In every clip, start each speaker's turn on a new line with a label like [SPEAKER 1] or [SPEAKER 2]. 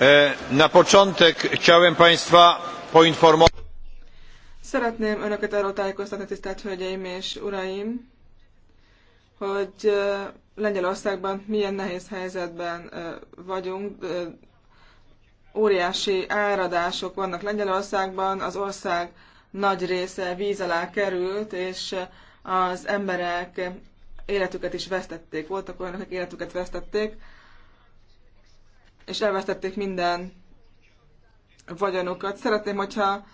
[SPEAKER 1] E, na początek chciałem Państwa poinformować.
[SPEAKER 2] Szeretném Önöket arról tájékoztatni, tisztelt Hölgyeim és Uraim, hogy e, Lengyelországban milyen nehéz helyzetben e, vagyunk. Óriási áradások vannak Lengyelországban, az ország nagy része víz alá került, és az emberek életüket is vesztették. Voltak olyanok, akik életüket vesztették és elvesztették minden vagyonukat. Szeretném, hogyha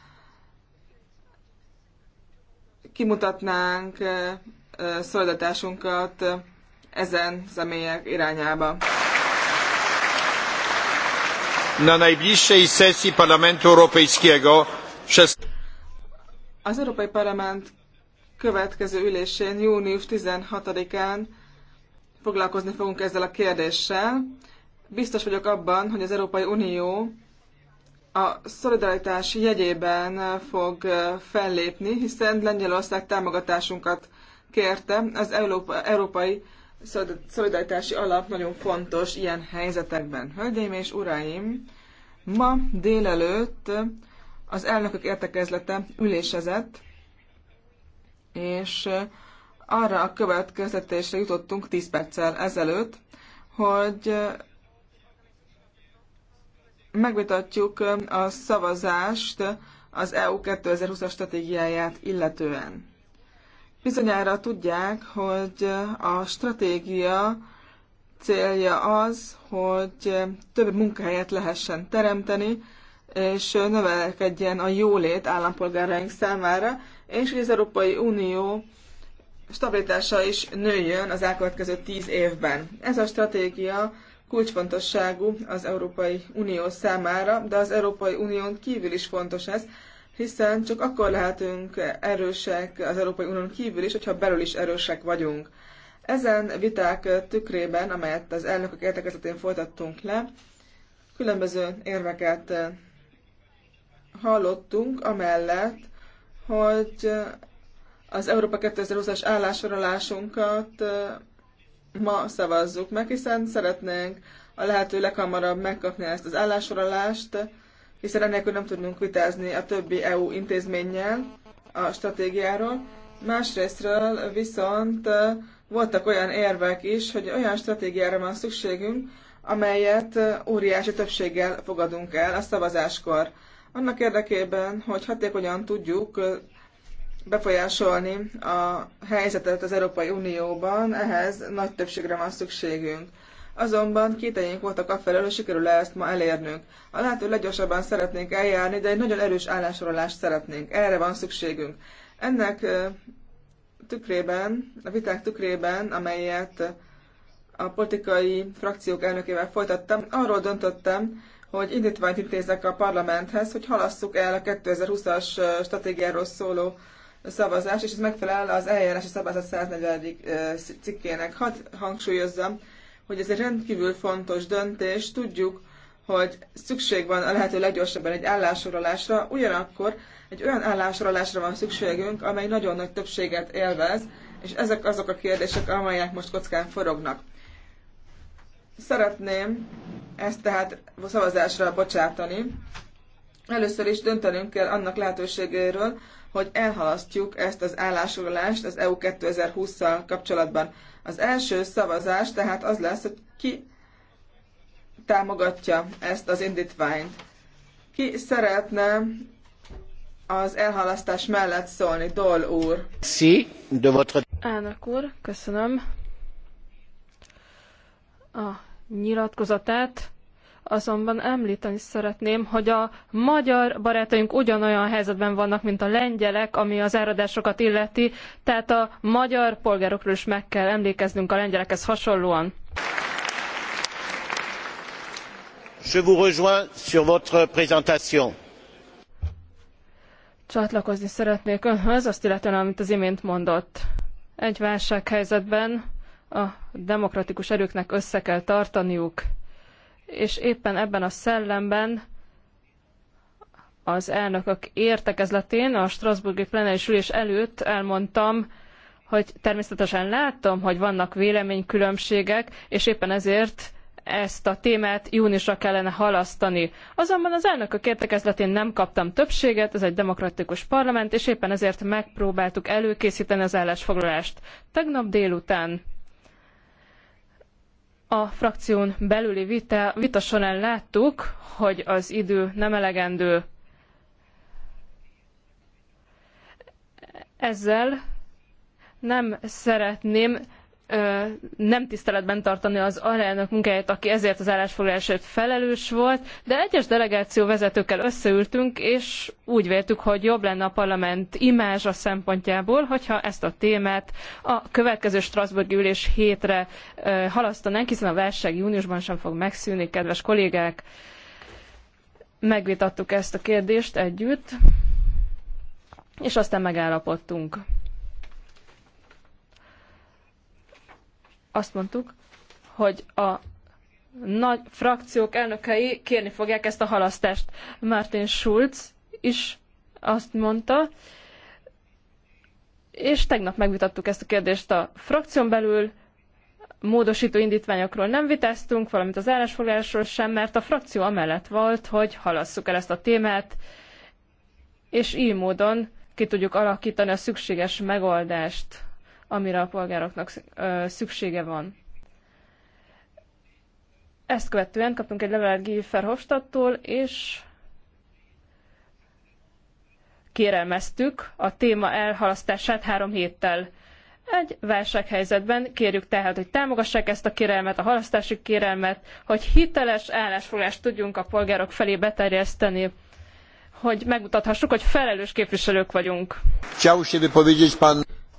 [SPEAKER 2] kimutatnánk szolidaritásunkat ezen személyek irányába.
[SPEAKER 1] Na najbliższej sesji Parlamentu Europejskiego
[SPEAKER 2] az Európai Parlament következő ülésén, június 16-án foglalkozni fogunk ezzel a kérdéssel. Biztos vagyok abban, hogy az Európai Unió a szolidaritás jegyében fog fellépni, hiszen Lengyelország támogatásunkat kérte. Az Európa, Európai Szolidaritási Alap nagyon fontos ilyen helyzetekben. Hölgyeim és uraim, ma délelőtt az elnökök értekezlete ülésezett, és arra a következtetésre jutottunk 10 perccel ezelőtt, hogy megvitatjuk a szavazást az EU 2020-as stratégiáját illetően. Bizonyára tudják, hogy a stratégia célja az, hogy több munkahelyet lehessen teremteni, és növelkedjen a jólét állampolgáraink számára, és hogy az Európai Unió stabilitása is nőjön az elkövetkező tíz évben. Ez a stratégia kulcsfontosságú az Európai Unió számára, de az Európai Unión kívül is fontos ez, hiszen csak akkor lehetünk erősek az Európai Unión kívül is, hogyha belül is erősek vagyunk. Ezen viták tükrében, amelyet az elnökök értekezetén folytattunk le, különböző érveket eh, hallottunk, amellett, hogy az Európa 2020-as állásorolásunkat eh, ma szavazzuk meg, hiszen szeretnénk a lehető leghamarabb megkapni ezt az állásfoglalást, hiszen enélkül nem tudunk vitázni a többi EU intézménnyel a stratégiáról. Másrésztről viszont voltak olyan érvek is, hogy olyan stratégiára van szükségünk, amelyet óriási többséggel fogadunk el a szavazáskor. Annak érdekében, hogy hatékonyan tudjuk befolyásolni a helyzetet az Európai Unióban, ehhez nagy többségre van szükségünk. Azonban kételjénk voltak afelől, hogy sikerül-e ezt ma elérnünk. A lehető leggyorsabban szeretnénk eljárni, de egy nagyon erős állásorolást szeretnénk. Erre van szükségünk. Ennek tükrében, a viták tükrében, amelyet a politikai frakciók elnökével folytattam, arról döntöttem, hogy indítványt intézek a parlamenthez, hogy halasszuk el a 2020-as stratégiáról szóló szavazás, és ez megfelel az eljárási szabályzat 140. cikkének. Hadd hangsúlyozzam, hogy ez egy rendkívül fontos döntés, tudjuk, hogy szükség van a lehető leggyorsabban egy állásorolásra, ugyanakkor egy olyan állásorolásra van szükségünk, amely nagyon nagy többséget élvez, és ezek azok a kérdések, amelyek most kockán forognak. Szeretném ezt tehát szavazásra bocsátani, Először is döntenünk kell annak lehetőségéről, hogy elhalasztjuk ezt az állásolást az EU 2020-szal kapcsolatban. Az első szavazás tehát az lesz, hogy ki támogatja ezt az indítványt. Ki szeretne az elhalasztás mellett szólni?
[SPEAKER 1] Dol úr. Si, de votre... Elnök úr, köszönöm a nyilatkozatát. Azonban említeni szeretném, hogy a magyar barátaink ugyanolyan helyzetben vannak, mint a lengyelek, ami az áradásokat illeti, tehát a magyar polgárokról is meg kell emlékeznünk a lengyelekhez hasonlóan. Je vous rejoins sur votre présentation. Csatlakozni szeretnék önhöz, azt illetően, amit az imént mondott. Egy válsághelyzetben a demokratikus erőknek össze kell tartaniuk és éppen ebben a szellemben az elnökök értekezletén a Strasburgi plenáris ülés előtt elmondtam, hogy természetesen látom, hogy vannak véleménykülönbségek, és éppen ezért ezt a témát júniusra kellene halasztani. Azonban az elnökök értekezletén nem kaptam többséget, ez egy demokratikus parlament, és éppen ezért megpróbáltuk előkészíteni az állásfoglalást. Tegnap délután a frakción belüli vita, vita során láttuk, hogy az idő nem elegendő. Ezzel nem szeretném nem tiszteletben tartani az alelnök munkáját, aki ezért az állásfoglalásért felelős volt, de egyes delegáció vezetőkkel összeültünk, és úgy véltük, hogy jobb lenne a parlament imázsa szempontjából, hogyha ezt a témát a következő strasbourg ülés hétre halasztanánk, hiszen a válság júniusban sem fog megszűnni, kedves kollégák. Megvitattuk ezt a kérdést együtt, és aztán megállapodtunk. azt mondtuk, hogy a nagy frakciók elnökei kérni fogják ezt a halasztást. Martin Schulz is azt mondta, és tegnap megvitattuk ezt a kérdést a frakción belül, módosító indítványokról nem vitáztunk, valamint az állásfoglalásról sem, mert a frakció amellett volt, hogy halasszuk el ezt a témát, és így módon ki tudjuk alakítani a szükséges megoldást amire a polgároknak szüksége van. Ezt követően kaptunk egy levelet G. Verhofstadttól, és kérelmeztük a téma elhalasztását három héttel. Egy válsághelyzetben kérjük tehát, hogy támogassák ezt a kérelmet, a halasztási kérelmet, hogy hiteles állásfoglást tudjunk a polgárok felé beterjeszteni, hogy megmutathassuk, hogy felelős képviselők vagyunk.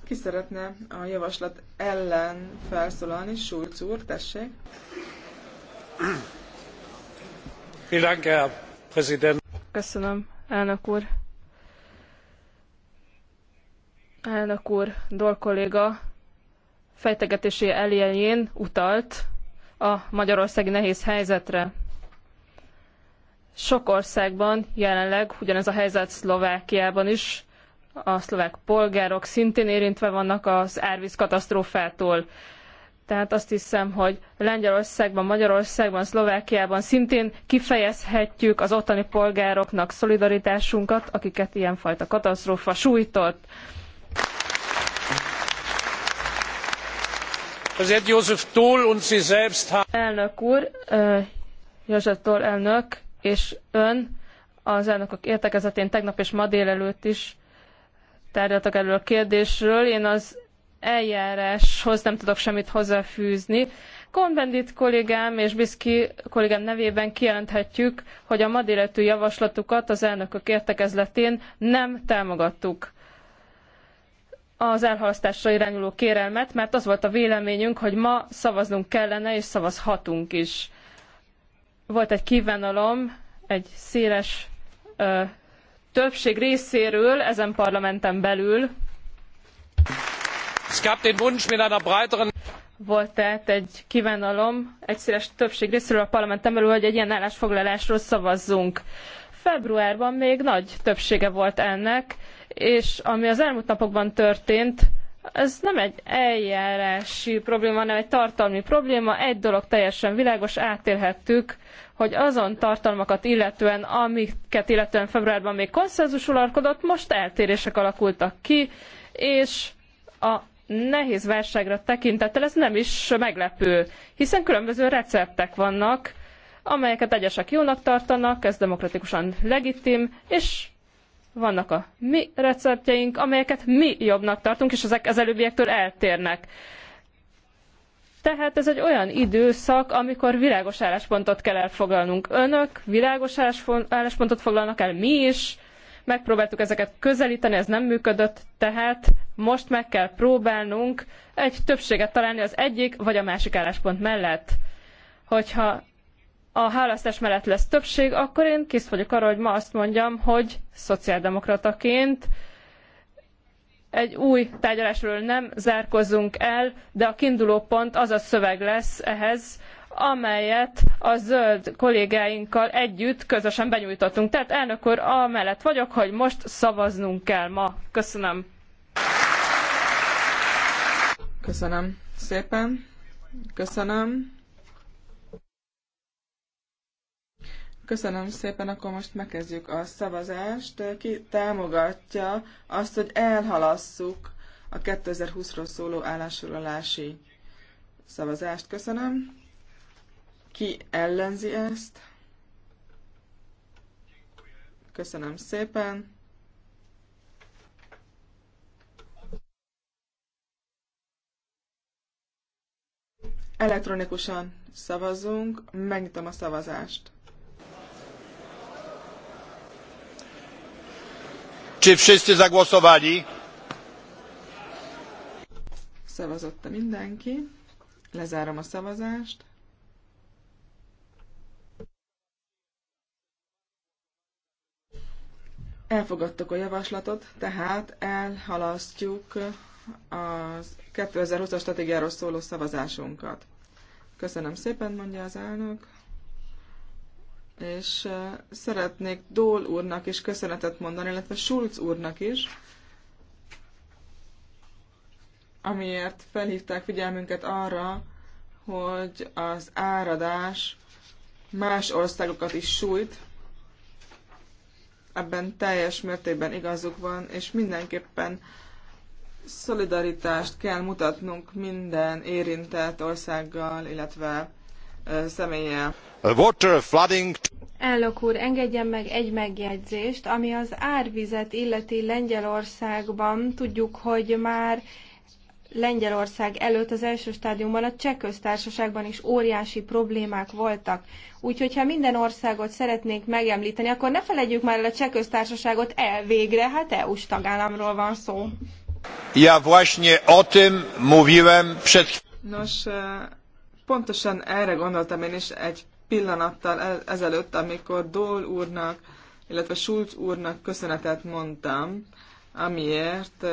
[SPEAKER 1] Ki szeretne a
[SPEAKER 2] javaslat ellen felszólalni? Schulz úr, tessék.
[SPEAKER 1] Köszönöm, elnök úr. Elnök úr, Dol kolléga fejtegetési eljeljén utalt a magyarországi nehéz helyzetre. Sok országban jelenleg, ugyanez a helyzet Szlovákiában is, a szlovák polgárok szintén érintve vannak az árvíz katasztrófától. Tehát azt hiszem, hogy Lengyelországban, Magyarországban, Szlovákiában szintén kifejezhetjük az ottani polgároknak szolidaritásunkat, akiket ilyenfajta katasztrófa sújtott. elnök úr, József Toll elnök és ön az elnökök értekezetén tegnap és ma délelőtt is tárgyaltak erről a kérdésről. Én az eljáráshoz nem tudok semmit hozzáfűzni. Konbendit kollégám és Biszki kollégám nevében kijelenthetjük, hogy a ma javaslatukat az elnökök értekezletén nem támogattuk az elhalasztásra irányuló kérelmet, mert az volt a véleményünk, hogy ma szavaznunk kellene, és szavazhatunk is. Volt egy kívánalom, egy széles ö, többség részéről ezen parlamenten belül volt tehát egy kívánalom egy széles többség részéről a parlamenten belül, hogy egy ilyen állásfoglalásról szavazzunk. Februárban még nagy többsége volt ennek, és ami az elmúlt napokban történt, ez nem egy eljárási probléma, hanem egy tartalmi probléma. Egy dolog teljesen világos, átélhettük, hogy azon tartalmakat illetően, amiket illetően februárban még konszenzus uralkodott, most eltérések alakultak ki, és a nehéz válságra tekintettel ez nem is meglepő, hiszen különböző receptek vannak, amelyeket egyesek jónak tartanak, ez demokratikusan legitim, és vannak a mi receptjeink, amelyeket mi jobbnak tartunk, és ezek az előbbiektől eltérnek. Tehát ez egy olyan időszak, amikor világos álláspontot kell elfoglalnunk. Önök világos álláspontot foglalnak el, mi is. Megpróbáltuk ezeket közelíteni, ez nem működött, tehát most meg kell próbálnunk egy többséget találni az egyik vagy a másik álláspont mellett. Hogyha a választás mellett lesz többség, akkor én kész vagyok arra, hogy ma azt mondjam, hogy szociáldemokrataként egy új tárgyalásról nem zárkozzunk el, de a kiindulópont az a szöveg lesz ehhez, amelyet a zöld kollégáinkkal együtt közösen benyújtottunk. Tehát elnök úr, amellett vagyok, hogy most szavaznunk kell ma. Köszönöm. Köszönöm szépen.
[SPEAKER 2] Köszönöm. Köszönöm szépen, akkor most megkezdjük a szavazást. Ki támogatja azt, hogy elhalasszuk a 2020-ról szóló állásolási szavazást? Köszönöm. Ki ellenzi ezt? Köszönöm szépen. Elektronikusan szavazunk, megnyitom a szavazást.
[SPEAKER 1] Czy wszyscy zagłosowali?
[SPEAKER 2] Szavazotta mindenki. Lezárom a szavazást. Elfogadtuk a javaslatot, tehát elhalasztjuk az 2020-as stratégiáról szóló szavazásunkat. Köszönöm szépen, mondja az elnök és szeretnék Dól úrnak is köszönetet mondani, illetve Schulz úrnak is, amiért felhívták figyelmünket arra, hogy az áradás más országokat is sújt, ebben teljes mértékben igazuk van, és mindenképpen szolidaritást kell mutatnunk minden érintett országgal, illetve személlyel.
[SPEAKER 1] Water flooding. Elnök úr, engedjen meg egy megjegyzést, ami az árvizet illeti Lengyelországban. Tudjuk, hogy már Lengyelország előtt az első stádiumban a cseh köztársaságban is óriási problémák voltak. Úgyhogy, ha minden országot szeretnénk megemlíteni, akkor ne felejtjük már el a cseh köztársaságot elvégre, hát EU-s tagállamról van szó. Ja właśnie o tym mówiłem przed... Nos,
[SPEAKER 2] Pontosan erre gondoltam én is egy pillanattal ezelőtt, amikor Dól úrnak, illetve Schulz úrnak köszönetet mondtam, amiért